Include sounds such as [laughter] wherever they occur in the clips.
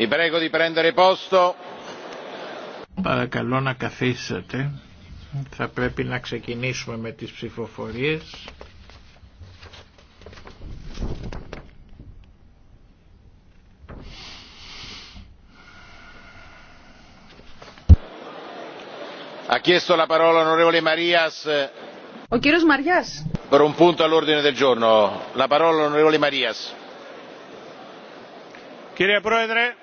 Vi prego di prendere posto. Παρακαλώ να καθίσετε. Θα πρέπει να ξεκινήσουμε με τις ψηφοφορίες. Ha chiesto la parola onorevole Marias. O κύριος Μαριάς. Per un punto all'ordine del giorno. La parola onorevole Marias. Κύριε Πρόεδρε,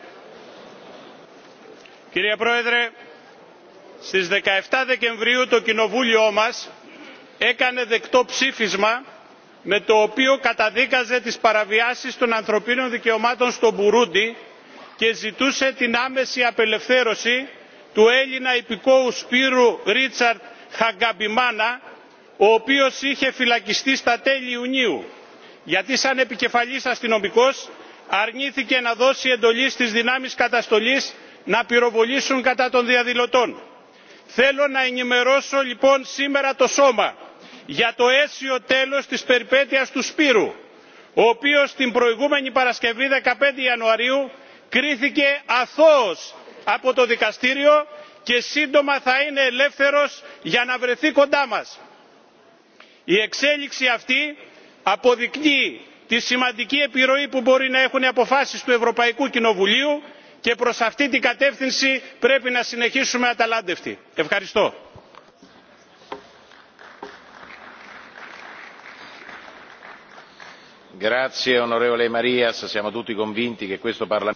κύριε Πρόεδρε, στις 17 Δεκεμβρίου το Κοινοβούλιο μας έκανε δεκτό ψήφισμα με το οποίο καταδίκαζε τις παραβιάσεις των ανθρωπίνων δικαιωμάτων στο Μπουρούντι και ζητούσε την άμεση απελευθέρωση του Έλληνα υπηκόου Σπύρου Ρίτσαρτ Χαγκαμπιμάνα, ο οποίος είχε φυλακιστεί στα τέλη Ιουνίου, γιατί σαν επικεφαλής αστυνομικός αρνήθηκε να δώσει εντολή στις δυνάμεις καταστολής να πυροβολήσουν κατά των διαδηλωτών. Θέλω να ενημερώσω λοιπόν σήμερα το σώμα για το αίσιο τέλος της περιπέτειας του Σπύρου, ο οποίος την προηγούμενη Παρασκευή 15 Ιανουαρίου κρίθηκε αθώος από το δικαστήριο και σύντομα θα είναι ελεύθερος για να βρεθεί κοντά μας. Η εξέλιξη αυτή αποδεικνύει τη σημαντική επιρροή που μπορεί να έχουν οι αποφάσεις του ευρωπαϊκού κοινοβουλίου και προς αυτή την κατεύθυνση πρέπει να συνεχίσουμε αταλάντευτοι. ευχαριστώ.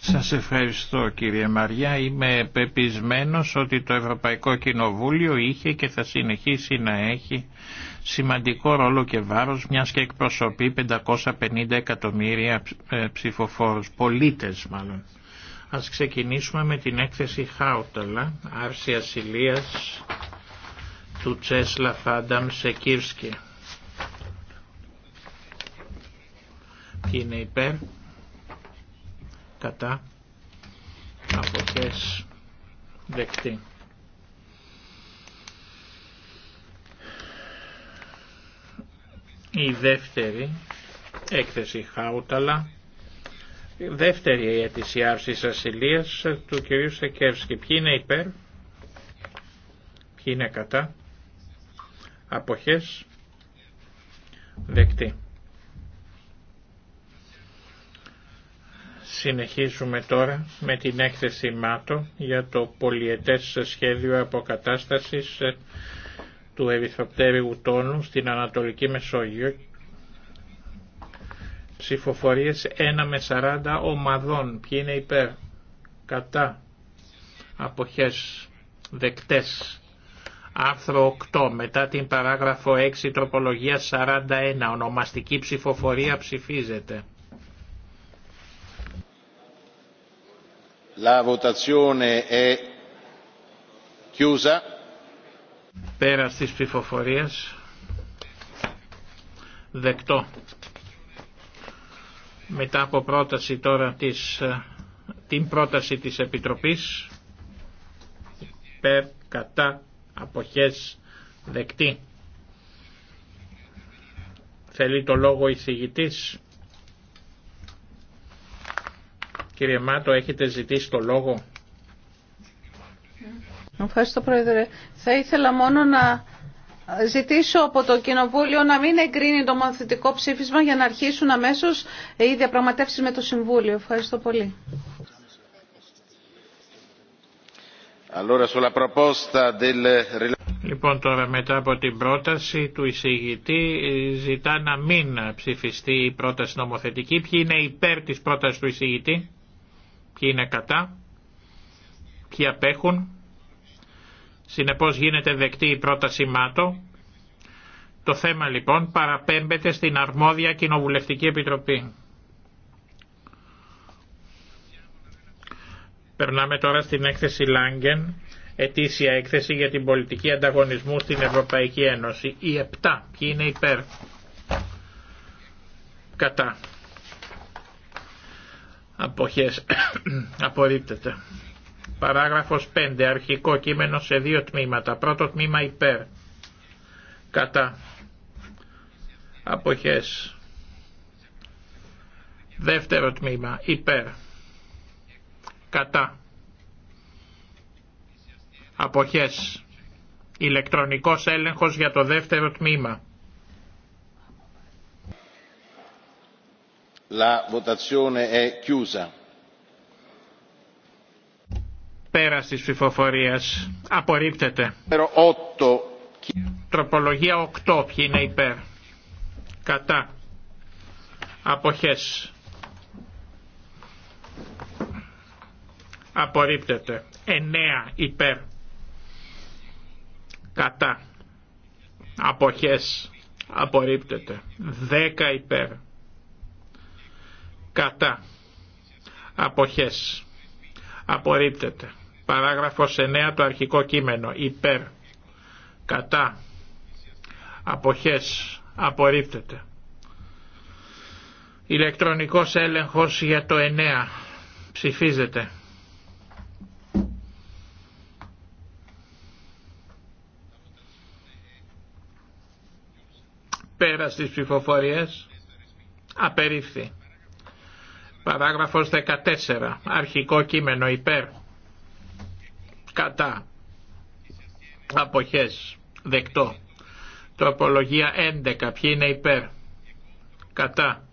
Σας ευχαριστώ κύριε Μαριά. Είμαι πεπισμένος ότι το Ευρωπαϊκό Κοινοβούλιο είχε και θα συνεχίσει να έχει σημαντικό ρόλο και βάρος μιας και εκπροσωπεί 550 εκατομμύρια ε, ψηφοφόρους, πολίτες μάλλον. Ας ξεκινήσουμε με την έκθεση Χάουταλα, άρση ασυλίας του Τσέσλα Φάνταμ Σεκίρσκι. είναι υπέρ, κατά, αποχές, δεκτή. η δεύτερη έκθεση Χάουταλα, η δεύτερη αίτηση άρση ασυλίας του κυρίου Σεκεύσκη. Ποιοι είναι υπέρ, ποιοι είναι κατά, αποχές, δεκτή. Συνεχίζουμε τώρα με την έκθεση ΜΑΤΟ για το πολιετές σχέδιο αποκατάστασης του Ευηθοπτέριου τόνου στην Ανατολική Μεσόγειο ψηφοφορίες 1 με 40 ομαδών. Ποιοι είναι υπέρ, κατά, αποχές, δεκτές. Άρθρο 8. Μετά την παράγραφο 6 τροπολογία 41. Ονομαστική ψηφοφορία ψηφίζεται. La votazione è chiusa. Πέρα της ψηφοφορίας. Δεκτό. Μετά από πρόταση τώρα της, ε, την πρόταση της Επιτροπής περ κατά, αποχές, δεκτή. Θέλει το λόγο εισηγητής. Κύριε Μάτο, έχετε ζητήσει το λόγο. Ευχαριστώ Πρόεδρε. Θα ήθελα μόνο να ζητήσω από το Κοινοβούλιο να μην εγκρίνει το μαθητικό ψήφισμα για να αρχίσουν αμέσως οι διαπραγματεύσεις με το Συμβούλιο. Ευχαριστώ πολύ. Λοιπόν τώρα μετά από την πρόταση του εισηγητή ζητά να μην ψηφιστεί η πρόταση νομοθετική. Ποιοι είναι υπέρ της πρότασης του εισηγητή, ποιοι είναι κατά, ποιοι απέχουν. Συνεπώς γίνεται δεκτή η πρόταση ΜΑΤΟ. Το θέμα λοιπόν παραπέμπεται στην αρμόδια Κοινοβουλευτική Επιτροπή. Περνάμε τώρα στην έκθεση Λάγκεν, ετήσια έκθεση για την πολιτική ανταγωνισμού στην Ευρωπαϊκή Ένωση. ή 7. Ποιοι είναι υπέρ. Κατά. Αποχές. [coughs] Απορρίπτεται. Παράγραφος 5. Αρχικό κείμενο σε δύο τμήματα. Πρώτο τμήμα υπέρ. Κατά. Αποχές. Δεύτερο τμήμα υπέρ. Κατά. Αποχές. Ηλεκτρονικός έλεγχος για το δεύτερο τμήμα. La votazione è chiusa. Πέρας της ψηφοφορίας. Απορρίπτεται. Τροπολογία 8. Ποιοι είναι υπέρ. Κατά. Αποχές. Απορρίπτεται. 9. Υπέρ. Κατά. Αποχές. Απορρίπτεται. 10. Υπέρ. Κατά. Αποχές. Απορρίπτεται. Παράγραφος 9 το αρχικό κείμενο. Υπέρ. Κατά. Αποχές. Απορρίπτεται. Ηλεκτρονικός έλεγχος για το 9. Ψηφίζεται. Πέρα στις ψηφοφορίες. Απερίφθη. Παράγραφος 14. Αρχικό κείμενο υπέρ κατά αποχές δεκτό τροπολογία 11 ποιοι είναι υπέρ κατά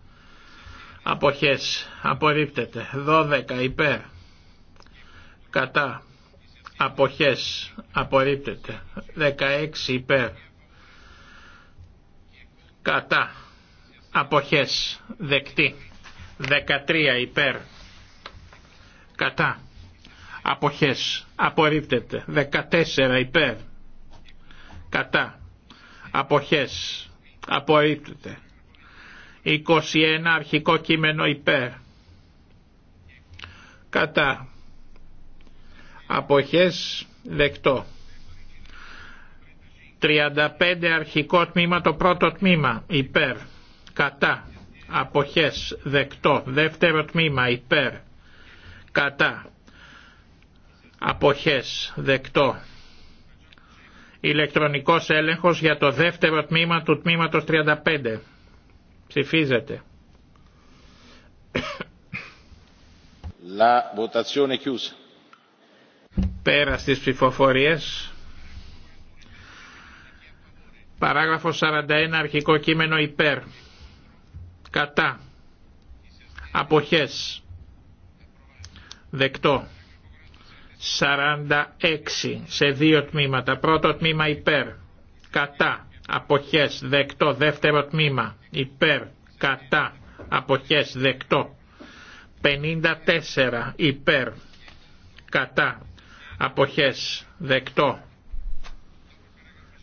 αποχές απορρίπτεται 12 υπέρ κατά αποχές απορρίπτεται 16 υπέρ κατά αποχές δεκτή 13 υπέρ κατά Αποχές. Απορρίπτεται. 14 υπέρ. Κατά. Αποχές. Απορρίπτεται. 21 αρχικό κείμενο υπέρ. Κατά. Αποχές δεκτό. 35 αρχικό τμήμα το πρώτο τμήμα υπέρ. Κατά. Αποχές δεκτό. Δεύτερο τμήμα υπέρ. Κατά αποχές δεκτό ηλεκτρονικός έλεγχος για το δεύτερο τμήμα του τμήματος 35 ψηφίζεται La votazione chiusa. Πέρα στις ψηφοφορίες. Παράγραφο 41 αρχικό κείμενο υπέρ. Κατά. Αποχές. Δεκτό. 46 σε δύο τμήματα. Πρώτο τμήμα υπέρ, κατά, αποχές, δεκτό. Δεύτερο τμήμα υπέρ, κατά, αποχές, δεκτό. 54 υπέρ, κατά, αποχές, δεκτό.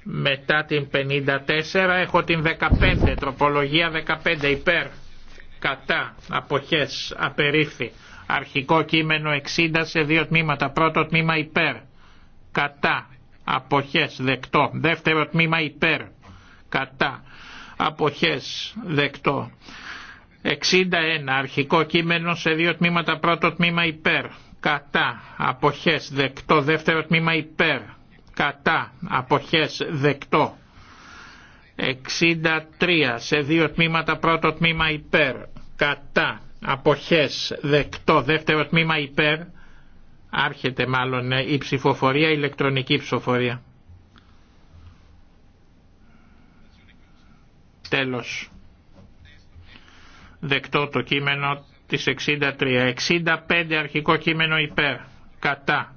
Μετά την 54 έχω την 15, τροπολογία 15 υπέρ, κατά, αποχές, απερίφθη αρχικό κείμενο 60 σε δύο τμήματα. Πρώτο τμήμα υπέρ, κατά, αποχές, δεκτό. Δεύτερο τμήμα υπέρ, κατά, αποχές, δεκτό. 61 αρχικό κείμενο σε δύο τμήματα. Πρώτο τμήμα υπέρ, κατά, αποχές, δεκτό. Δεύτερο τμήμα υπέρ, κατά, αποχές, δεκτό. 63 σε δύο τμήματα. Πρώτο τμήμα υπέρ, κατά, αποχές δεκτό δεύτερο τμήμα υπέρ άρχεται μάλλον ε, η ψηφοφορία ηλεκτρονική ψηφοφορία τέλος δεκτό το κείμενο της 63 65 αρχικό κείμενο υπέρ κατά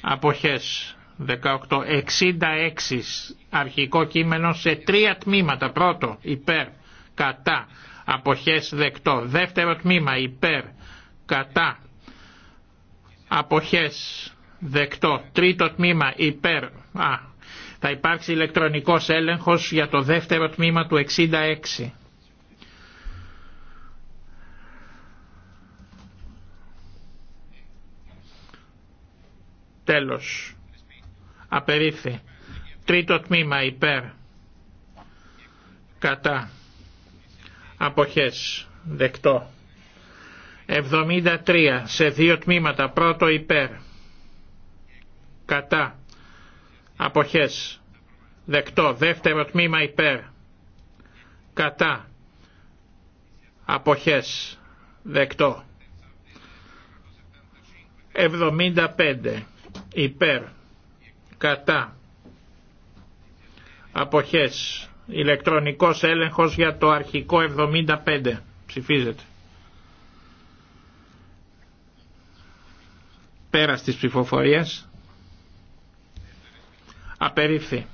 αποχές 18 66 αρχικό κείμενο σε τρία τμήματα πρώτο υπέρ κατά αποχές δεκτό. Δεύτερο τμήμα υπέρ, κατά, αποχές δεκτό. Τρίτο τμήμα υπέρ, α, θα υπάρξει ηλεκτρονικός έλεγχος για το δεύτερο τμήμα του 66. Τέλος. Απερίφθη. Τρίτο τμήμα υπέρ. Κατά αποχές δεκτό 73 σε δύο τμήματα πρώτο υπέρ κατά αποχές δεκτό δεύτερο τμήμα υπέρ κατά αποχές δεκτό 75 υπέρ κατά αποχές Ηλεκτρονικός έλεγχος για το αρχικό 75. Ψηφίζεται. Πέρα στις ψηφοφορίες. Απερίφθη.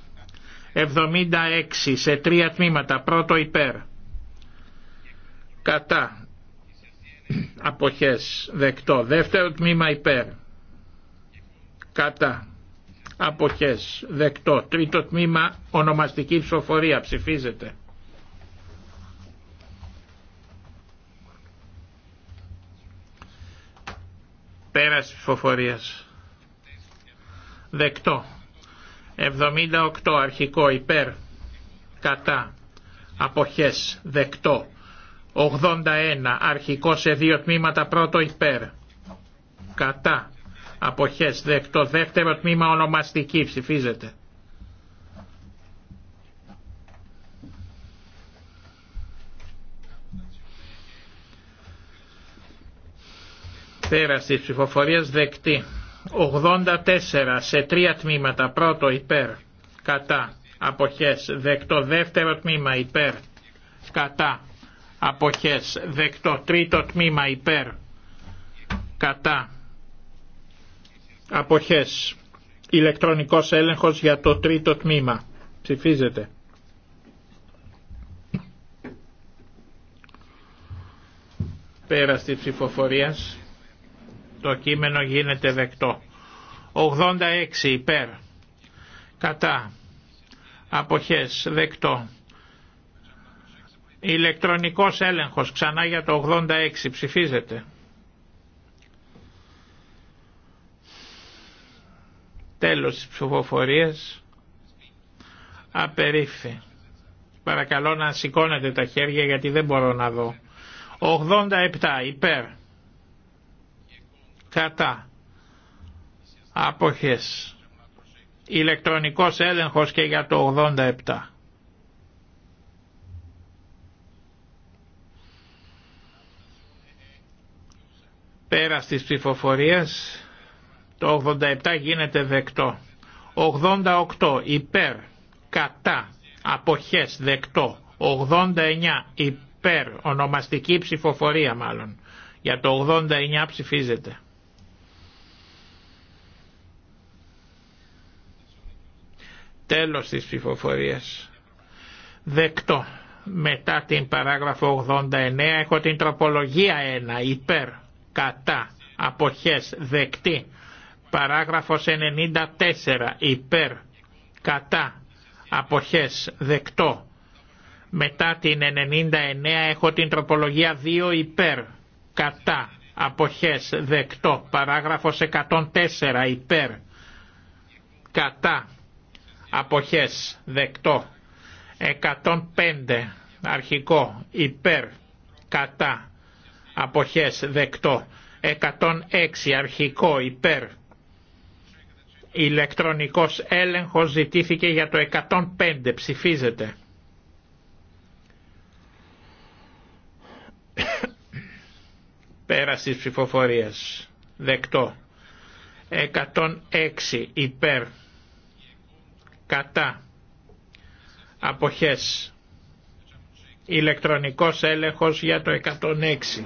76 σε τρία τμήματα. Πρώτο υπέρ. Κατά. Αποχές. Δεκτό. Δεύτερο τμήμα υπέρ. Κατά αποχές δεκτό. Τρίτο τμήμα ονομαστική ψηφοφορία ψηφίζεται. Πέραση ψηφοφορίας. Δεκτό. 78 αρχικό υπέρ κατά αποχές δεκτό. 81 αρχικό σε δύο τμήματα πρώτο υπέρ κατά αποχές δεκτό δεύτερο τμήμα ονομαστική ψηφίζεται Πέραση της ψηφοφορίας δεκτή 84 σε τρία τμήματα πρώτο υπέρ κατά αποχές δεκτό δεύτερο τμήμα υπέρ κατά αποχές δεκτό τρίτο τμήμα υπέρ κατά Αποχές. Ηλεκτρονικός έλεγχος για το τρίτο τμήμα. Ψηφίζεται. Πέρα τη ψηφοφορία το κείμενο γίνεται δεκτό. 86 υπέρ. Κατά. Αποχές. Δεκτό. Ηλεκτρονικός έλεγχος ξανά για το 86 ψηφίζεται. Τέλος της ψηφοφορίας. Απερίφθη. Παρακαλώ να σηκώνετε τα χέρια γιατί δεν μπορώ να δω. 87 υπέρ. Κατά. Αποχές. Ηλεκτρονικός έλεγχος και για το 87. Πέρα της ψηφοφορίας το 87 γίνεται δεκτό. 88 υπέρ, κατά, αποχές, δεκτό. 89 υπέρ, ονομαστική ψηφοφορία μάλλον. Για το 89 ψηφίζεται. Τέλος της ψηφοφορίας. Δεκτό. Μετά την παράγραφο 89 έχω την τροπολογία 1 υπέρ, κατά, αποχές, δεκτή. Παράγραφος 94 υπέρ κατά αποχές δεκτό. Μετά την 99 έχω την τροπολογία 2 υπέρ κατά αποχές δεκτό. Παράγραφος 104 υπέρ κατά αποχές δεκτό. 105 αρχικό υπέρ κατά αποχές δεκτό. 106 αρχικό υπέρ Ηλεκτρονικός έλεγχος ζητήθηκε για το 105. Ψηφίζεται. Πέραση ψηφοφορίας. Δεκτό. 106 υπέρ. Κατά. Αποχές. Ηλεκτρονικός έλεγχος για το 106.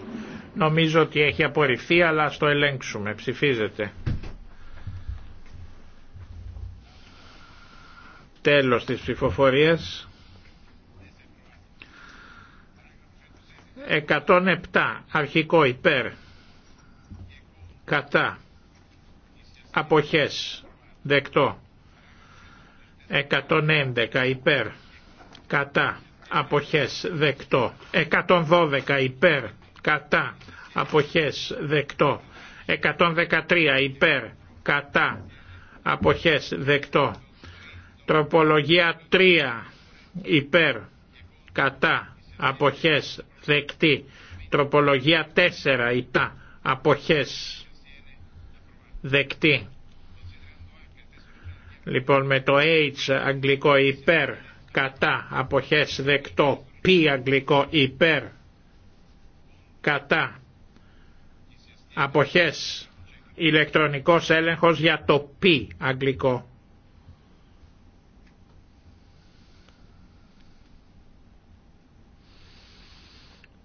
Νομίζω ότι έχει απορριφθεί αλλά ας το ελέγξουμε. Ψηφίζεται. Τέλος της ψηφοφορίας. 107 αρχικό υπέρ κατά αποχές δεκτό 111 υπέρ κατά αποχές δεκτό 112 υπέρ κατά αποχές δεκτό 113 υπέρ κατά αποχές δεκτό Τροπολογία 3 υπέρ κατά αποχές δεκτή. Τροπολογία 4 ητά αποχές δεκτή. Λοιπόν με το H αγγλικό υπέρ κατά αποχές δεκτό. P αγγλικό υπέρ κατά αποχές ηλεκτρονικός έλεγχος για το P αγγλικό.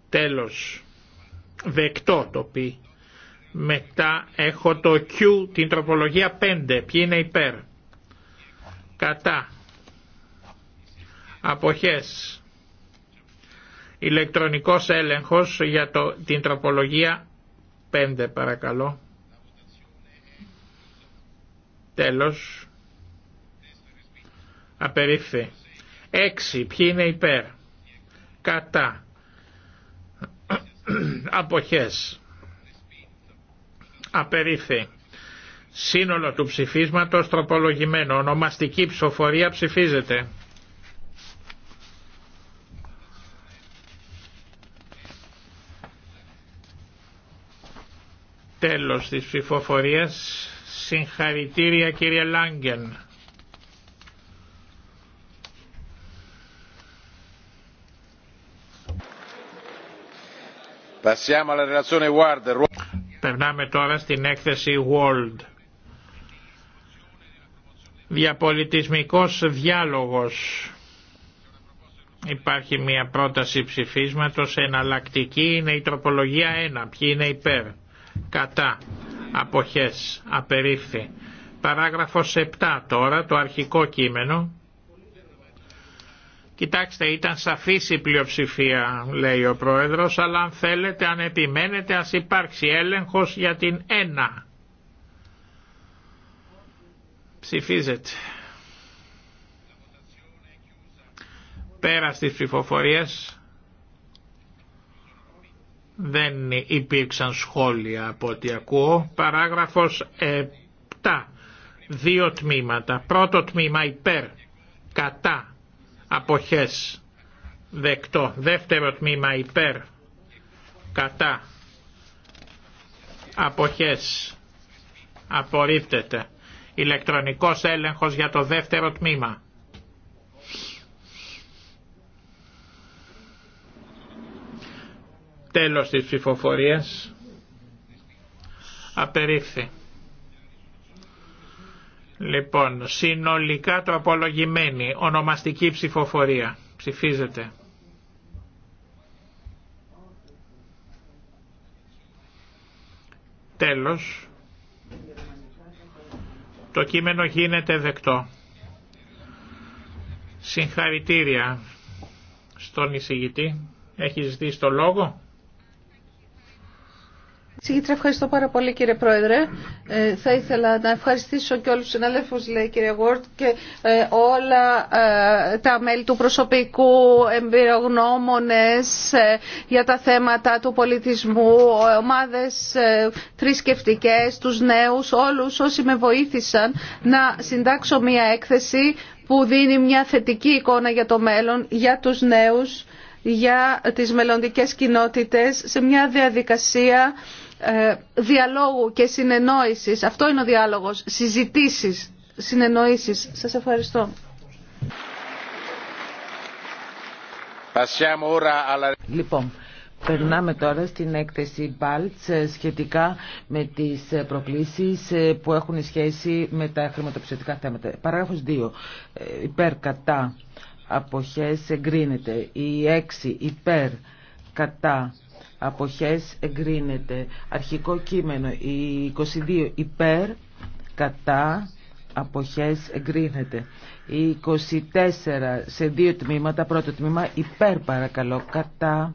Τέλος, δεκτό το π. Μετά έχω το Q, την τροπολογία 5. Ποιοι είναι υπέρ. Κατά. Αποχές. Ηλεκτρονικός έλεγχος για το, την τροπολογία 5 παρακαλώ. Τέλος. Απερίφθη. 6. Ποιοι είναι υπέρ. Κατά. Αποχές. Απερίφθη. Σύνολο του ψηφίσματος τροπολογημένο. Ονομαστική ψηφοφορία ψηφίζεται. Τέλος της ψηφοφορίας. Συγχαρητήρια κύριε Λάγκεν. Περνάμε τώρα στην έκθεση World. Διαπολιτισμικός διάλογος. Υπάρχει μια πρόταση ψηφίσματος εναλλακτική, είναι η τροπολογία 1. Ποιοι είναι υπέρ, κατά, αποχές, απερίφθη. Παράγραφος 7 τώρα, το αρχικό κείμενο. Κοιτάξτε, ήταν σαφής η πλειοψηφία, λέει ο Πρόεδρος, αλλά αν θέλετε, αν επιμένετε, ας υπάρξει έλεγχος για την 1. Ψηφίζεται. Πέρα στις ψηφοφορίες δεν υπήρξαν σχόλια από ό,τι ακούω. Παράγραφος 7. Δύο τμήματα. Πρώτο τμήμα υπέρ, κατά, αποχές δεκτό δεύτερο τμήμα υπέρ κατά αποχές απορρίπτεται ηλεκτρονικός έλεγχος για το δεύτερο τμήμα τέλος της ψηφοφορίας απερίφθη Λοιπόν, συνολικά το απολογημένη, ονομαστική ψηφοφορία. Ψηφίζεται. Τέλος. Το κείμενο γίνεται δεκτό. Συγχαρητήρια στον εισηγητή. Έχεις δει στο λόγο. Συγήτρια, ευχαριστώ πάρα πολύ κύριε Πρόεδρε. Ε, θα ήθελα να ευχαριστήσω και όλους τους συναδέλφους, λέει κύριε Γουόρτ, και ε, όλα ε, τα μέλη του προσωπικού, εμπειρογνώμονες για τα θέματα του πολιτισμού, ομάδες θρησκευτικέ, τους νέους, όλους όσοι με βοήθησαν να συντάξω μια έκθεση που δίνει μια θετική εικόνα για το μέλλον, για τους νέους, για τις μελλοντικές κοινότητες σε μια διαδικασία ε, διαλόγου και συνεννόησης. Αυτό είναι ο διάλογος. Συζητήσεις, συνεννοήσεις. Σας ευχαριστώ. Λοιπόν, περνάμε τώρα στην έκθεση παλτς ε, σχετικά με τις ε, προκλήσεις που έχουν σχέση με τα χρηματοπιστωτικά θέματα. Παράγραφος 2. Υπέρ κατά αποχές εγκρίνεται. Η 6 υπέρ κατά αποχές εγκρίνεται. Αρχικό κείμενο η 22 υπέρ κατά αποχές εγκρίνεται. Η 24 σε δύο τμήματα, πρώτο τμήμα υπέρ παρακαλώ κατά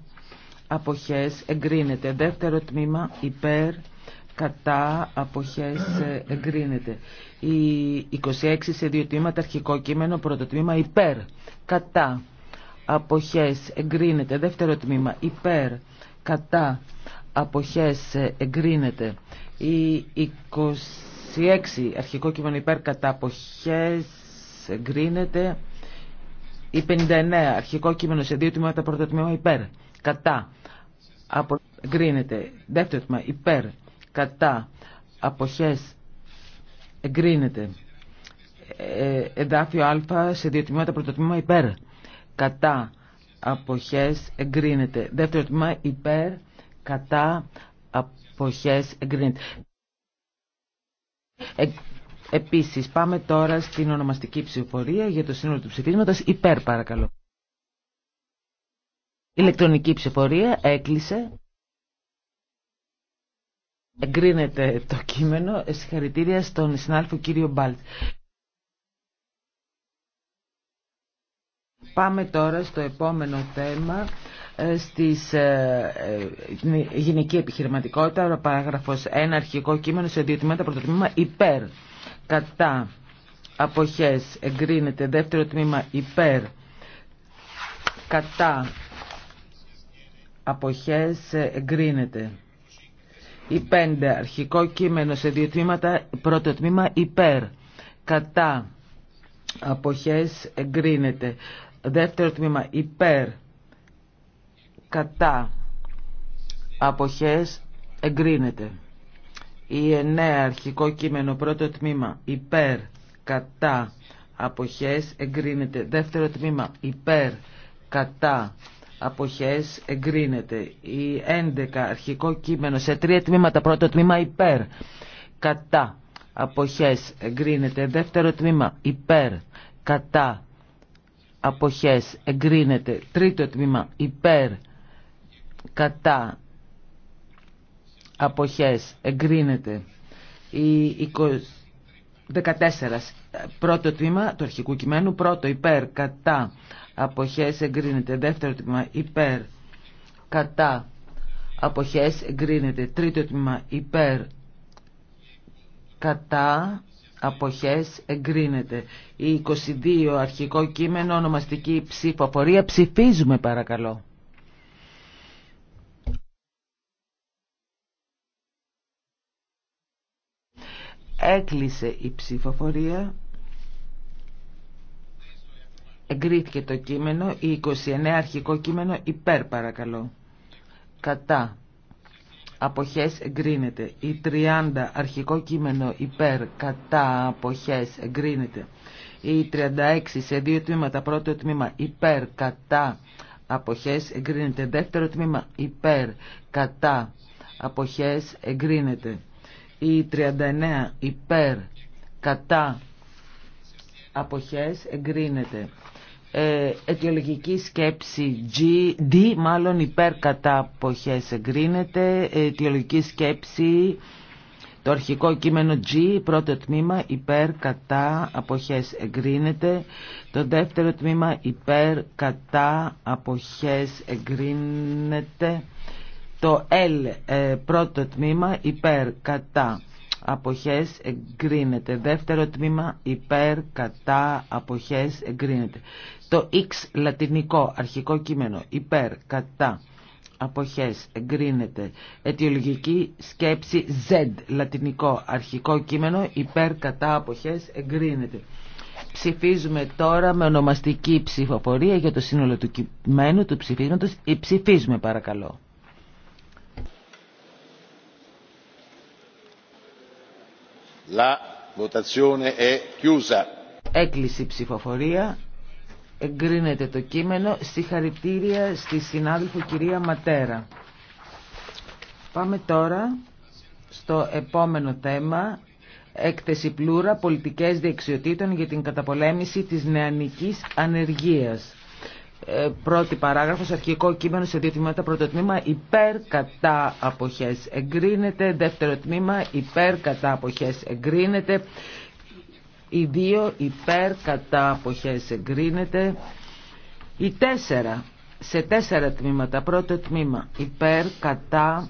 αποχές εγκρίνεται. Δεύτερο τμήμα υπέρ κατά αποχές εγκρίνεται. Η 26 σε δύο τμήματα αρχικό κείμενο, πρώτο τμήμα υπέρ κατά αποχές εγκρίνεται. Δεύτερο τμήμα υπέρ κατά αποχές εγκρίνεται η 26 αρχικό κείμενο υπέρ κατά αποχές εγκρίνεται η 59 αρχικό κείμενο σε δύο τμήματα πρώτο τμήμα υπέρ κατά απο... εγκρίνεται δεύτερο τμήμα υπέρ κατά αποχές εγκρίνεται ε, εδάφιο α σε δύο τμήματα πρώτο τμήμα υπέρ κατά αποχές εγκρίνεται. Δεύτερο τμήμα υπέρ κατά αποχές εγκρίνεται. Ε, επίσης πάμε τώρα στην ονομαστική ψηφοφορία για το σύνολο του ψηφίσματος υπέρ παρακαλώ. Ηλεκτρονική ψηφοφορία έκλεισε. Εγκρίνεται το κείμενο. Συγχαρητήρια στον συνάδελφο κύριο Μπάλτ. Πάμε τώρα στο επόμενο θέμα ε, στις ε, ε, Γενική επιχειρηματικότητα παράγραφος 1 αρχικό κείμενο σε δύο τμήματα πρώτο τμήμα υπέρ κατά αποχές εγκρίνεται δεύτερο τμήμα υπέρ κατά αποχές εγκρίνεται η πέντε αρχικό κείμενο σε δύο τμήματα πρώτο τμήμα υπέρ κατά αποχές εγκρίνεται Δεύτερο τμήμα υπέρ κατά αποχές εγκρίνεται. Η εννέα αρχικό κείμενο πρώτο τμήμα υπέρ κατά αποχές εγκρίνεται. Δεύτερο τμήμα υπέρ κατά αποχές εγκρίνεται. Η έντεκα αρχικό κείμενο σε τρία τμήματα πρώτο τμήμα υπέρ κατά αποχές εγκρίνεται. Δεύτερο τμήμα υπέρ κατά αποχές εγκρίνεται τρίτο τμήμα υπέρ κατά αποχές εγκρίνεται η 14 πρώτο τμήμα του αρχικού κειμένου πρώτο υπέρ κατά αποχές εγκρίνεται δεύτερο τμήμα υπέρ κατά αποχές εγκρίνεται τρίτο τμήμα υπέρ κατά αποχές εγκρίνεται. Η 22 αρχικό κείμενο ονομαστική ψηφοφορία. Ψηφίζουμε παρακαλώ. Έκλεισε η ψηφοφορία. Εγκρίθηκε το κείμενο, η 29 αρχικό κείμενο υπέρ παρακαλώ. Κατά αποχές εγκρίνεται. Η 30 αρχικό κείμενο υπέρ κατά αποχές εγκρίνεται. Η 36 σε δύο τμήματα πρώτο τμήμα υπέρ κατά αποχές εγκρίνεται. Δεύτερο τμήμα υπέρ κατά αποχές εγκρίνεται. Η 39 υπέρ κατά αποχές εγκρίνεται. Ε, αιτιολογική σκέψη G, D, μάλλον υπέρ κατά αποχές εγκρίνεται, ε, αιτιολογική σκέψη το αρχικό κείμενο G, πρώτο τμήμα υπέρ κατά αποχές εγκρίνεται, το δεύτερο τμήμα υπέρ κατά αποχές εγκρίνεται, το L ε, πρώτο τμήμα υπέρ κατά αποχές εγκρίνεται. Δεύτερο τμήμα υπέρ κατά αποχές εγκρίνεται. Το X λατινικό αρχικό κείμενο υπέρ κατά αποχές εγκρίνεται. Αιτιολογική σκέψη Z λατινικό αρχικό κείμενο υπέρ κατά αποχές εγκρίνεται. Ψηφίζουμε τώρα με ονομαστική ψηφοφορία για το σύνολο του κειμένου του ψηφίσματος. Ε, ψηφίζουμε παρακαλώ. Έκλεισε η ψηφοφορία. Εγκρίνεται το κείμενο. Συγχαρητήρια στη συνάδελφο κυρία Ματέρα. Πάμε τώρα στο επόμενο θέμα. Έκθεση πλούρα πολιτικές δεξιοτήτων για την καταπολέμηση της νεανικής ανεργίας. Ε, πρώτη παράγραφος, αρχικό κείμενο σε δύο τμήματα. Πρώτο τμήμα υπέρ κατά αποχές εγκρίνεται. Δεύτερο τμήμα υπέρ κατά αποχές εγκρίνεται. Οι δύο υπέρ κατά αποχές εγκρίνεται. Οι τέσσερα σε τέσσερα τμήματα. Πρώτο τμήμα υπέρ κατά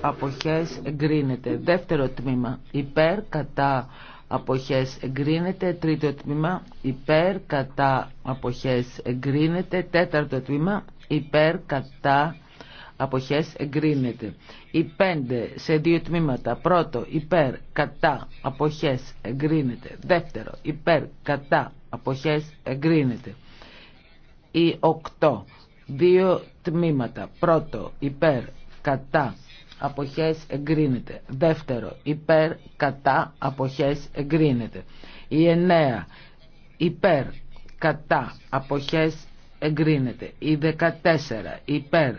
αποχές εγκρίνεται. Δεύτερο τμήμα υπέρ κατά αποχές εγκρίνεται. Τρίτο τμήμα υπέρ κατά αποχές εγκρίνεται. Τέταρτο τμήμα υπέρ κατά αποχές εγκρίνεται. Η πέντε σε δύο τμήματα. Πρώτο υπέρ κατά αποχές εγκρίνεται. Δεύτερο υπέρ κατά αποχές εγκρίνεται. Η οκτώ δύο τμήματα. Πρώτο υπέρ κατά αποχές εγκρίνεται. Δεύτερο, υπέρ, κατά, αποχές εγκρίνεται. Η εννέα, υπέρ, κατά, αποχές εγκρίνεται. Η δεκατέσσερα, υπέρ,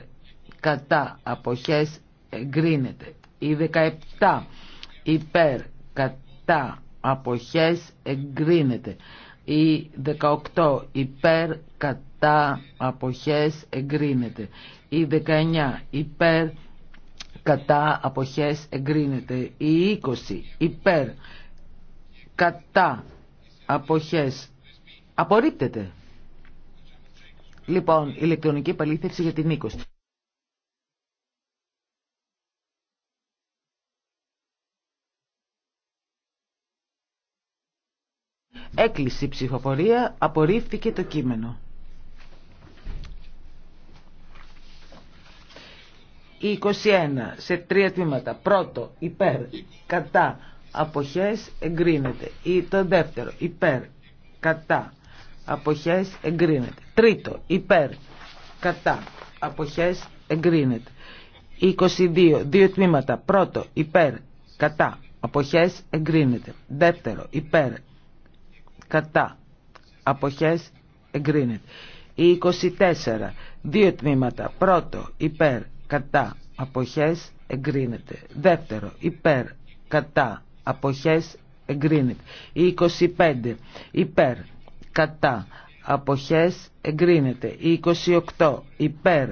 κατά, αποχές εγκρίνεται. Η δεκαεπτά, υπέρ, κατά, αποχές εγκρίνεται. Η 18 υπέρ κατά αποχές εγκρίνεται. Η 19 υπέρ κατά αποχές εγκρίνεται. Η 20 υπέρ κατά αποχές απορρίπτεται. Λοιπόν, ηλεκτρονική επαλήθευση για την 20. Έκλεισε η ψηφοφορία, απορρίφθηκε το κείμενο. 21 σε τρία τμήματα. Πρώτο, υπέρ, κατά, αποχές, εγκρίνεται. Ή το δεύτερο, υπέρ, κατά, αποχές, εγκρίνεται. Τρίτο, υπέρ, κατά, αποχές, εγκρίνεται. 22, δύο τμήματα. Πρώτο, υπέρ, κατά, αποχές, εγκρίνεται. Δεύτερο, υπέρ, κατά, αποχές, εγκρίνεται. Η 24, δύο τμήματα. Πρώτο, υπέρ, κατά αποχές εγκρίνεται. Δεύτερο, υπέρ κατά αποχές εγκρίνεται. 25 υπέρ κατά αποχές εγκρίνεται. 28 υπέρ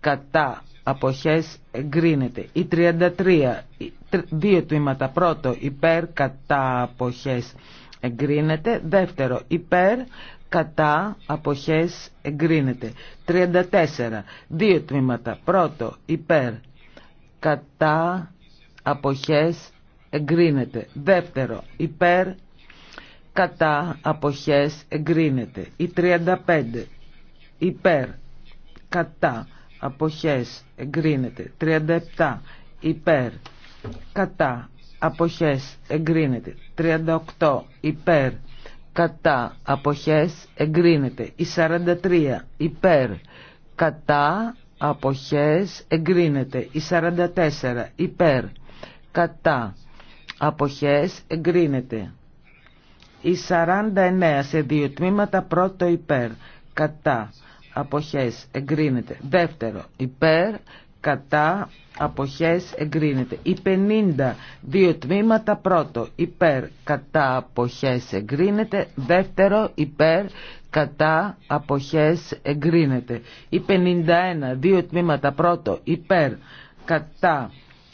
κατά αποχές εγκρίνεται. Η 33, δύο τμήματα. Πρώτο, υπέρ κατά αποχές εγκρίνεται. Δεύτερο, υπέρ κατά αποχές εγκρίνεται. 34. Δύο τμήματα. Πρώτο υπέρ κατά αποχές εγκρίνεται. Δεύτερο υπέρ κατά αποχές εγκρίνεται. Η 35 υπέρ κατά αποχές εγκρίνεται. 37 υπέρ κατά αποχές εγκρίνεται. 38 υπέρ κατά αποχές εγκρίνεται. Η 43 υπέρ κατά αποχές εγκρίνεται. Η 44 υπέρ κατά αποχές εγκρίνεται. Η 49 σε δύο τμήματα πρώτο υπέρ κατά αποχές εγκρίνεται. Δεύτερο υπέρ κατά αποχές εγκρίνεται. Η 50, δύο τμήματα, πρώτο υπέρ κατά αποχές εγκρίνεται, δεύτερο υπέρ κατά αποχές εγκρίνεται. Η 51, δύο τμήματα, πρώτο υπέρ κατά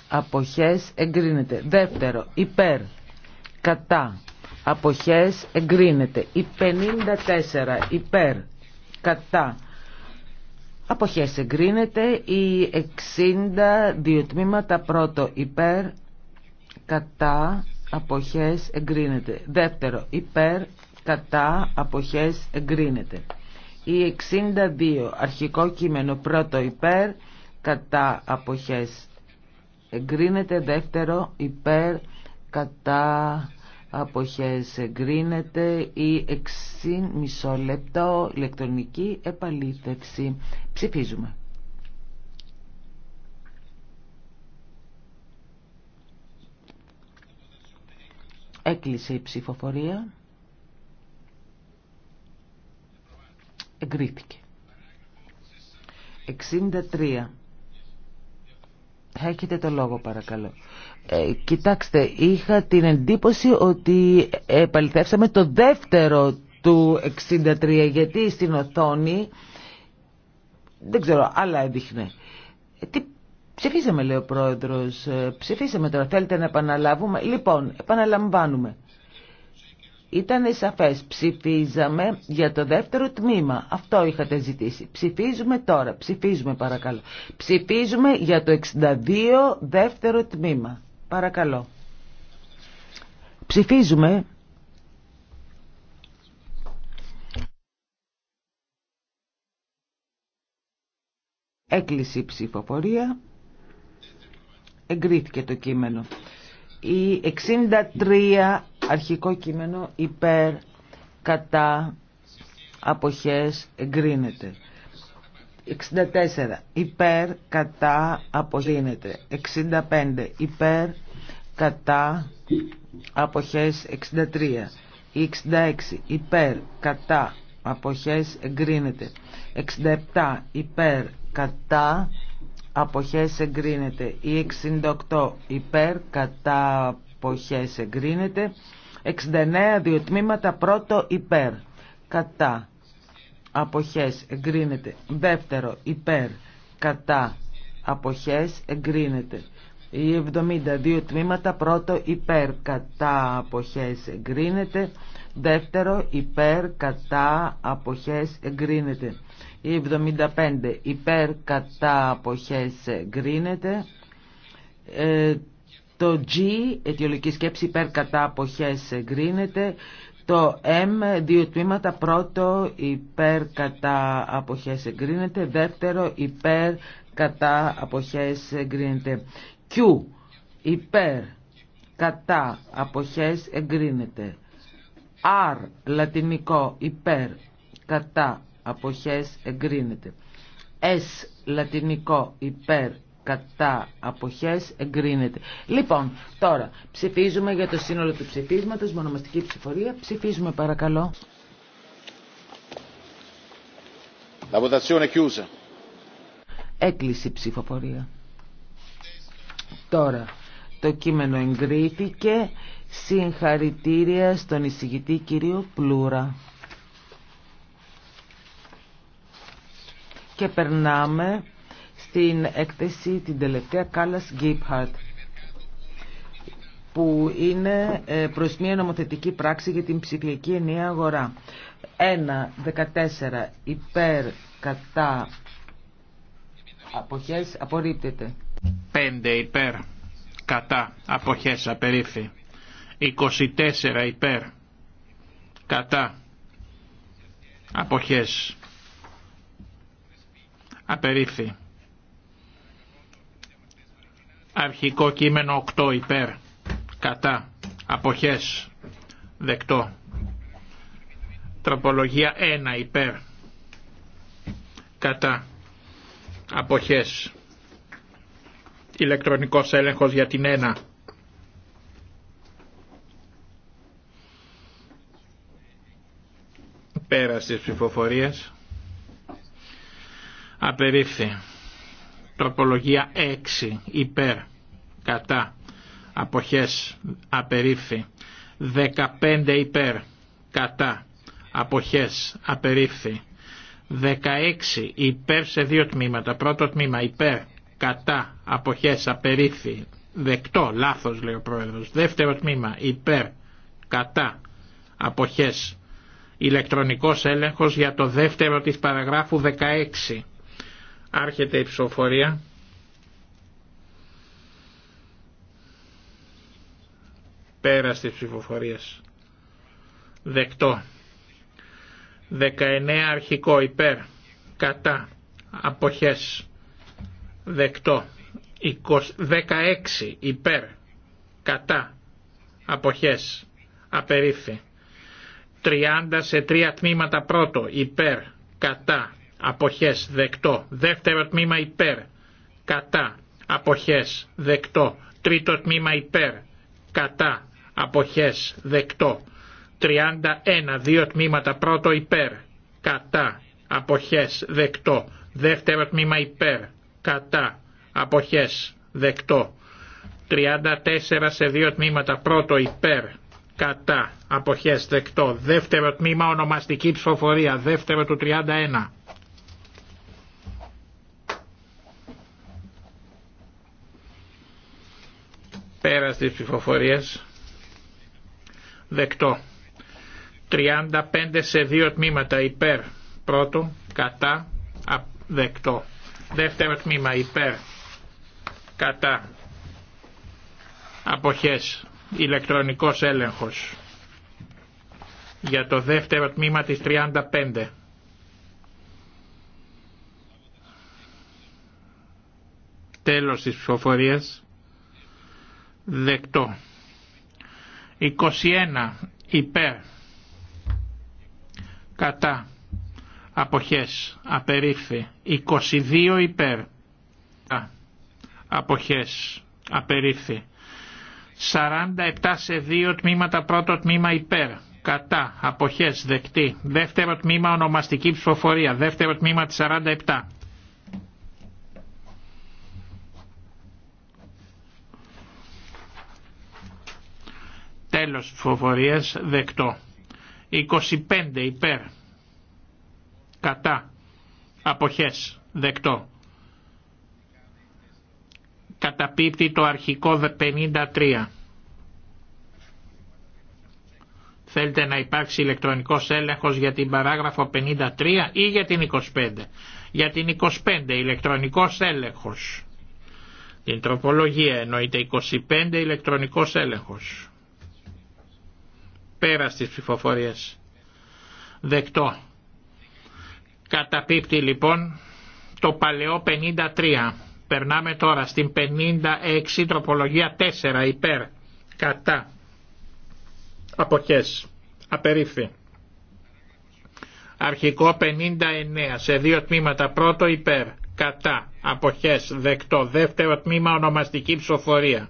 αποχές εγκρίνεται, δεύτερο υπέρ κατά αποχές εγκρίνεται. Η 54, υπέρ κατά Αποχές εγκρίνεται η 60 δύο τμήματα πρώτο υπέρ κατά αποχές εγκρίνεται. Δεύτερο υπέρ κατά αποχές εγκρίνεται. Η 62 αρχικό κείμενο πρώτο υπέρ κατά αποχές εγκρίνεται. Δεύτερο υπέρ κατά αποχές εγκρίνεται ή 6 μισό λεπτό ηλεκτρονική επαλήθευση. Ψηφίζουμε. Έκλεισε η ψηφοφορία. Εγκρίθηκε. 63. Έχετε το λόγο παρακαλώ. Ε, κοιτάξτε, είχα την εντύπωση ότι επαληθεύσαμε το δεύτερο του 63 γιατί στην οθόνη δεν ξέρω, άλλα έδειχνε. Ε, τι ψηφίσαμε λέει ο πρόεδρος, ε, ψηφίσαμε τώρα, θέλετε να επαναλάβουμε. Λοιπόν, επαναλαμβάνουμε. Ήταν σαφές, ψηφίζαμε για το δεύτερο τμήμα. Αυτό είχατε ζητήσει. Ψηφίζουμε τώρα, ψηφίζουμε παρακαλώ. Ψηφίζουμε για το 62 δεύτερο τμήμα. Παρακαλώ. Ψηφίζουμε. Έκλεισε η ψηφοφορία. Εγκρίθηκε το κείμενο. Η 63 Αρχικό κείμενο υπέρ κατά αποχές εγκρίνεται. 64. Υπέρ κατά αποδίνεται. 65. Υπέρ κατά αποχές 63. 66. Υπέρ κατά αποχές εγκρίνεται. 67. Υπέρ κατά αποχές εγκρίνεται. Η 68. Υπέρ κατά αποχές εγκρίνεται. 69 δύο τμήματα πρώτο υπέρ κατά αποχές εγκρίνεται δεύτερο υπέρ κατά αποχές εγκρίνεται η 72 τμήματα πρώτο υπέρ κατά αποχές εγκρίνεται δεύτερο υπέρ κατά αποχές εγκρίνεται η 75 υπέρ κατά αποχές εγκρίνεται ε, το G, αιτιολογική σκέψη υπέρ κατά αποχές εγκρίνεται. Το M, δύο τμήματα, πρώτο υπέρ κατά αποχές εγκρίνεται, δεύτερο υπέρ κατά αποχές εγκρίνεται. Q, υπέρ κατά αποχές εγκρίνεται. R, λατινικό, υπέρ κατά αποχές εγκρίνεται. S, λατινικό, υπέρ κατά αποχές εγκρίνεται. Λοιπόν, τώρα ψηφίζουμε για το σύνολο του ψηφίσματος, μονομαστική ψηφορία. Ψηφίζουμε παρακαλώ. La votazione chiusa. Έκλεισε η ψηφοφορία. Τώρα, το κείμενο εγκρίθηκε. Συγχαρητήρια στον εισηγητή κύριο Πλούρα. Και περνάμε στην έκθεση την τελευταία Κάλλας Γκίπχαρτ που είναι ε, προς μια νομοθετική πράξη για την ψηφιακή ενιαία αγορά. 1.14 υπέρ κατά αποχές απορρίπτεται. 5 υπέρ κατά αποχές απερίφη. 24 υπέρ κατά αποχές απερίφη. Αρχικό κείμενο 8 υπέρ. Κατά. Αποχές. Δεκτό. Τροπολογία 1 υπέρ. Κατά. Αποχές. Ηλεκτρονικός έλεγχος για την 1. Πέρα της ψηφοφορίας. Απερίφθη. Τροπολογία 6 υπέρ κατά αποχές απερίφθη. 15 υπέρ κατά αποχές απερίφθη. 16 υπέρ σε δύο τμήματα. Πρώτο τμήμα υπέρ κατά αποχές απερίφθη. Δεκτό, λάθος λέει ο πρόεδρος. Δεύτερο τμήμα υπέρ κατά αποχές ηλεκτρονικός έλεγχος για το δεύτερο της παραγράφου 16 Άρχεται η ψηφοφορία. Πέρα της ψηφοφορίας. Δεκτό. 19 αρχικό υπέρ. Κατά. Αποχές. Δεκτό. 16 υπέρ. Κατά. Αποχές. Απερίφθη. 30 σε 3 τμήματα πρώτο. Υπέρ. Κατά αποχές δεκτό. Δεύτερο τμήμα υπέρ, κατά, αποχές δεκτό. Τρίτο τμήμα υπέρ, κατά, αποχές δεκτό. 31 δύο τμήματα πρώτο υπέρ, κατά, αποχές δεκτό. Δεύτερο τμήμα υπέρ, κατά, αποχές δεκτό. 34 σε δύο τμήματα πρώτο υπέρ, κατά, αποχές δεκτό. Δεύτερο τμήμα ονομαστική ψηφοφορία, δεύτερο του 31. Πέρας της ψηφοφορίας. Δεκτό. 35 σε δύο τμήματα υπέρ. Πρώτο, κατά, δεκτό. Δεύτερο τμήμα υπέρ, κατά, αποχές, ηλεκτρονικός έλεγχος. Για το δεύτερο τμήμα της 35. Τέλος της ψηφοφορίας δεκτό. 21 υπέρ κατά αποχές απερίφθη. 22 υπέρ αποχές απερίφθη. 47 σε 2 τμήματα πρώτο τμήμα υπέρ κατά αποχές δεκτή. Δεύτερο τμήμα ονομαστική ψηφοφορία. Δεύτερο τμήμα 47. Τέλος ψηφοφορίας δεκτό. 25 υπέρ. Κατά. Αποχές. Δεκτό. Καταπίπτει το αρχικό 53. Θέλετε να υπάρξει ηλεκτρονικός έλεγχος για την παράγραφο 53 ή για την 25. Για την 25 ηλεκτρονικός έλεγχος. Την τροπολογία εννοείται 25 ηλεκτρονικός έλεγχος. Πέρα στις ψηφοφορίες. Δεκτό. Καταπίπτει λοιπόν το παλαιό 53. Περνάμε τώρα στην 56 τροπολογία 4 υπέρ. Κατά. Αποχές. Απερίφθη. Αρχικό 59 σε δύο τμήματα. Πρώτο υπέρ. Κατά. Αποχές. Δεκτό. Δεύτερο τμήμα ονομαστική ψηφοφορία.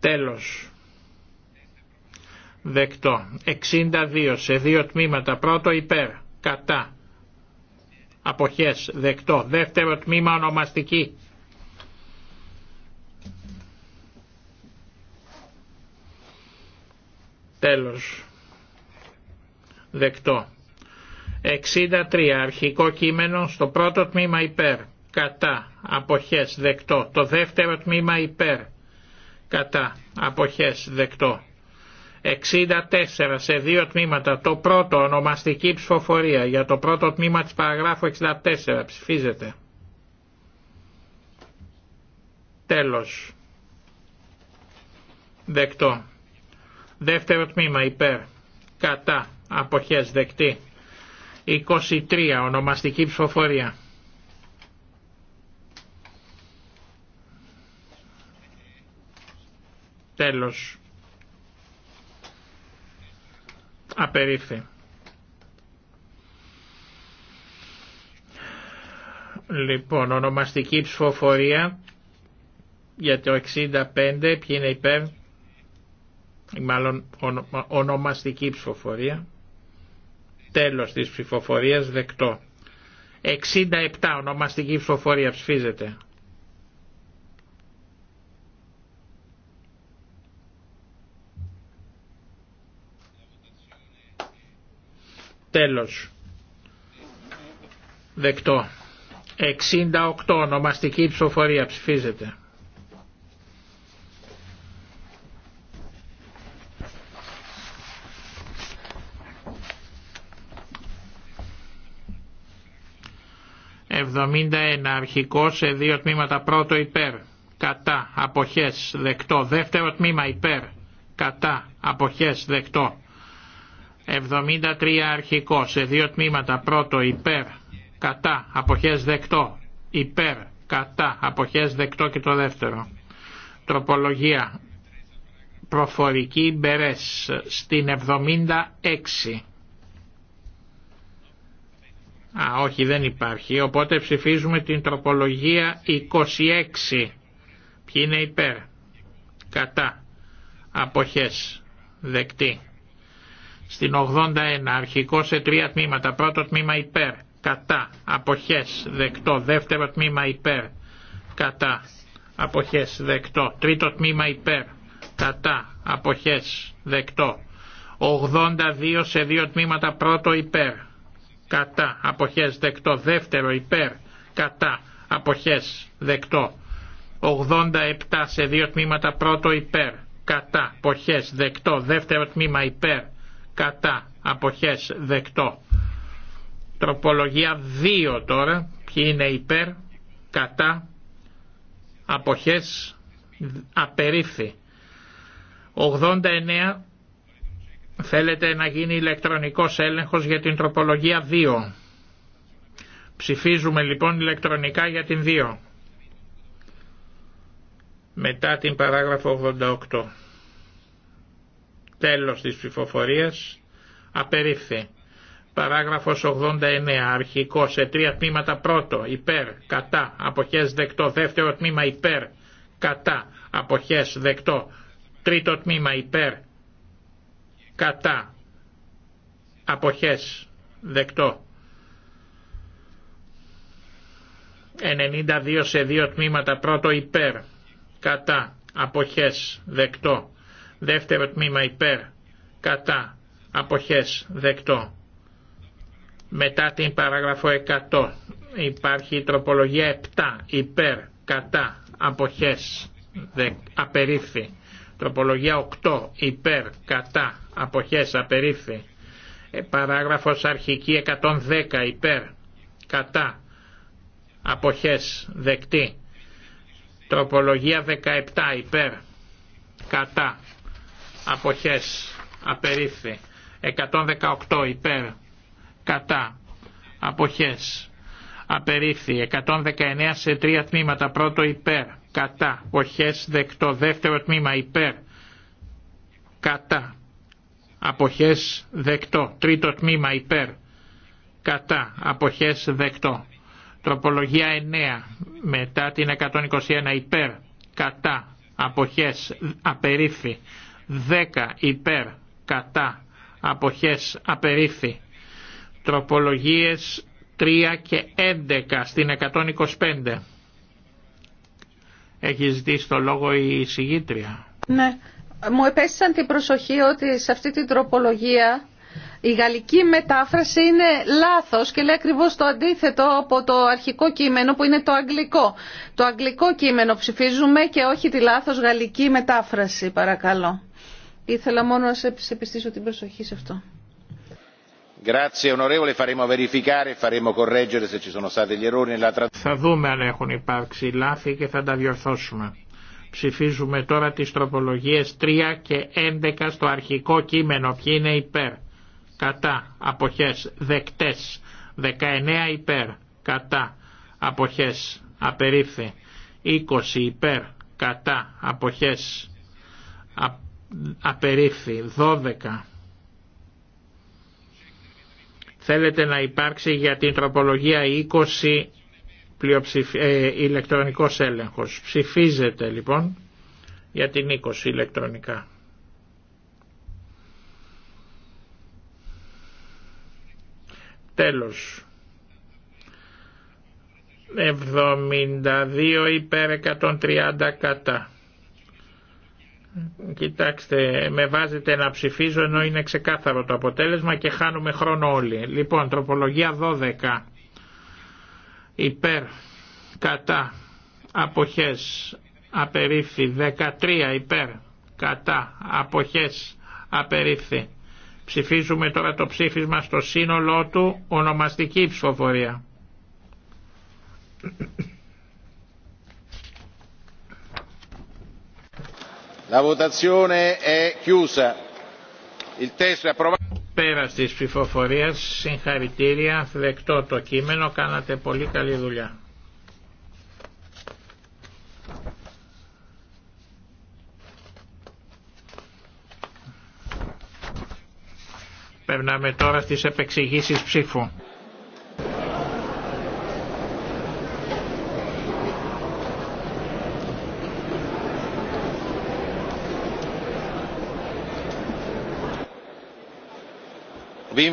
Τέλος. Δεκτό. 62 σε δύο τμήματα. Πρώτο υπέρ. Κατά. Αποχές. Δεκτό. Δεύτερο τμήμα ονομαστική. Τέλος. Δεκτό. 63. Αρχικό κείμενο στο πρώτο τμήμα υπέρ. Κατά. Αποχές. Δεκτό. Το δεύτερο τμήμα υπέρ κατά αποχές δεκτό. 64 σε δύο τμήματα. Το πρώτο ονομαστική ψηφοφορία για το πρώτο τμήμα της παραγράφου 64 ψηφίζεται. Τέλος. Δεκτό. Δεύτερο τμήμα υπέρ. Κατά. Αποχές δεκτή. 23 ονομαστική ψηφοφορία. Τέλος. Απερίφθη. Λοιπόν, ονομαστική ψηφοφορία για το 65, ποιοι είναι υπέρ, μάλλον ονομαστική ψηφοφορία, τέλος της ψηφοφορίας δεκτό. 67 ονομαστική ψηφοφορία ψηφίζεται. Τέλος. Δεκτό. 68. Ονομαστική ψηφοφορία ψηφίζεται. Εβδομήντα Αρχικό σε δύο τμήματα. Πρώτο υπέρ. Κατά. Αποχές. Δεκτό. Δεύτερο τμήμα υπέρ. Κατά. Αποχές. Δεκτό. 73 αρχικό σε δύο τμήματα πρώτο υπέρ κατά αποχές δεκτό υπέρ κατά αποχές δεκτό και το δεύτερο τροπολογία προφορική μπερές στην 76 Α, όχι δεν υπάρχει. Οπότε ψηφίζουμε την τροπολογία 26. Ποιοι είναι υπέρ. Κατά. Αποχές. Δεκτή. Στην 81 αρχικό σε τρία τμήματα. Πρώτο τμήμα υπέρ. Κατά. Αποχές. Δεκτό. Δεύτερο τμήμα υπέρ. Κατά. Αποχές. Δεκτό. Τρίτο τμήμα υπέρ. Κατά. Αποχές. Δεκτό. 82 σε δύο τμήματα. Πρώτο υπέρ. Κατά. Αποχές. Δεκτό. Δεύτερο υπέρ. Κατά. Αποχές. Δεκτό. 87 σε δύο τμήματα. Πρώτο υπέρ. Κατά. Αποχές. Δεκτό. Δεύτερο τμήμα υπέρ κατά, αποχές, δεκτό. Τροπολογία 2 τώρα, ποιοι είναι υπέρ, κατά, αποχές, απερίφθη. 89 θέλετε να γίνει ηλεκτρονικός έλεγχος για την τροπολογία 2. Ψηφίζουμε λοιπόν ηλεκτρονικά για την 2. Μετά την παράγραφο 88. Τέλος της ψηφοφορίας. Απερίφθη. Παράγραφος 89. Αρχικό σε τρία τμήματα πρώτο. Υπέρ. Κατά. Αποχές δεκτό. Δεύτερο τμήμα υπέρ. Κατά. Αποχές δεκτό. Τρίτο τμήμα υπέρ. Κατά. Αποχές δεκτό. 92 σε δύο τμήματα πρώτο υπέρ. Κατά. Αποχές δεκτό Δεύτερο τμήμα υπέρ, κατά, αποχές, δεκτό. Μετά την παράγραφο 100 υπάρχει η τροπολογία 7 υπέρ, κατά, αποχές, δε, Τροπολογία 8 υπέρ, κατά, αποχές, απερίφθη. Ε, παράγραφος αρχική 110 υπέρ, κατά, αποχές, δεκτή. Τροπολογία 17 υπέρ, κατά, αποχές απερίφθη 118 υπέρ κατά αποχές απερίφθη 119 σε τρία τμήματα πρώτο υπέρ κατά αποχές δεκτό δεύτερο τμήμα υπέρ κατά αποχές δεκτό τρίτο τμήμα υπέρ κατά αποχές δεκτό τροπολογία 9 μετά την 121 υπέρ κατά αποχές απερίφθη 10 υπέρ κατά αποχές απερίφθη. Τροπολογίες 3 και 11 στην 125. Έχει ζητήσει το λόγο η συγγήτρια. Ναι. Μου επέστησαν την προσοχή ότι σε αυτή την τροπολογία η γαλλική μετάφραση είναι λάθος και λέει ακριβώς το αντίθετο από το αρχικό κείμενο που είναι το αγγλικό. Το αγγλικό κείμενο ψηφίζουμε και όχι τη λάθος γαλλική μετάφραση παρακαλώ. Ήθελα μόνο να σε επιστήσω την προσοχή σε αυτό. Θα δούμε αν έχουν υπάρξει λάθη και θα τα διορθώσουμε. Ψηφίζουμε τώρα τις τροπολογίες 3 και 11 στο αρχικό κείμενο. Ποιοι είναι υπέρ, κατά, αποχές, δεκτές. 19 υπέρ, κατά, αποχές, απερίφθη. 20 υπέρ, κατά, αποχές, απερίφθη απερίφθη 12 θέλετε να υπάρξει για την τροπολογία 20 ε, ηλεκτρονικός έλεγχος ψηφίζετε λοιπόν για την 20 ηλεκτρονικά τέλος 72 υπέρ 130 κατά Κοιτάξτε, με βάζετε να ψηφίζω ενώ είναι ξεκάθαρο το αποτέλεσμα και χάνουμε χρόνο όλοι. Λοιπόν, τροπολογία 12. Υπέρ, κατά, αποχές, απερίφθη. 13 υπέρ, κατά, αποχές, απερίφθη. Ψηφίζουμε τώρα το ψήφισμα στο σύνολό του ονομαστική ψηφοφορία. La Πέρα τη ψηφοφορία, συγχαρητήρια, δεκτό το κείμενο, κάνατε πολύ καλή δουλειά. Περνάμε τώρα στις επεξηγήσεις ψήφου.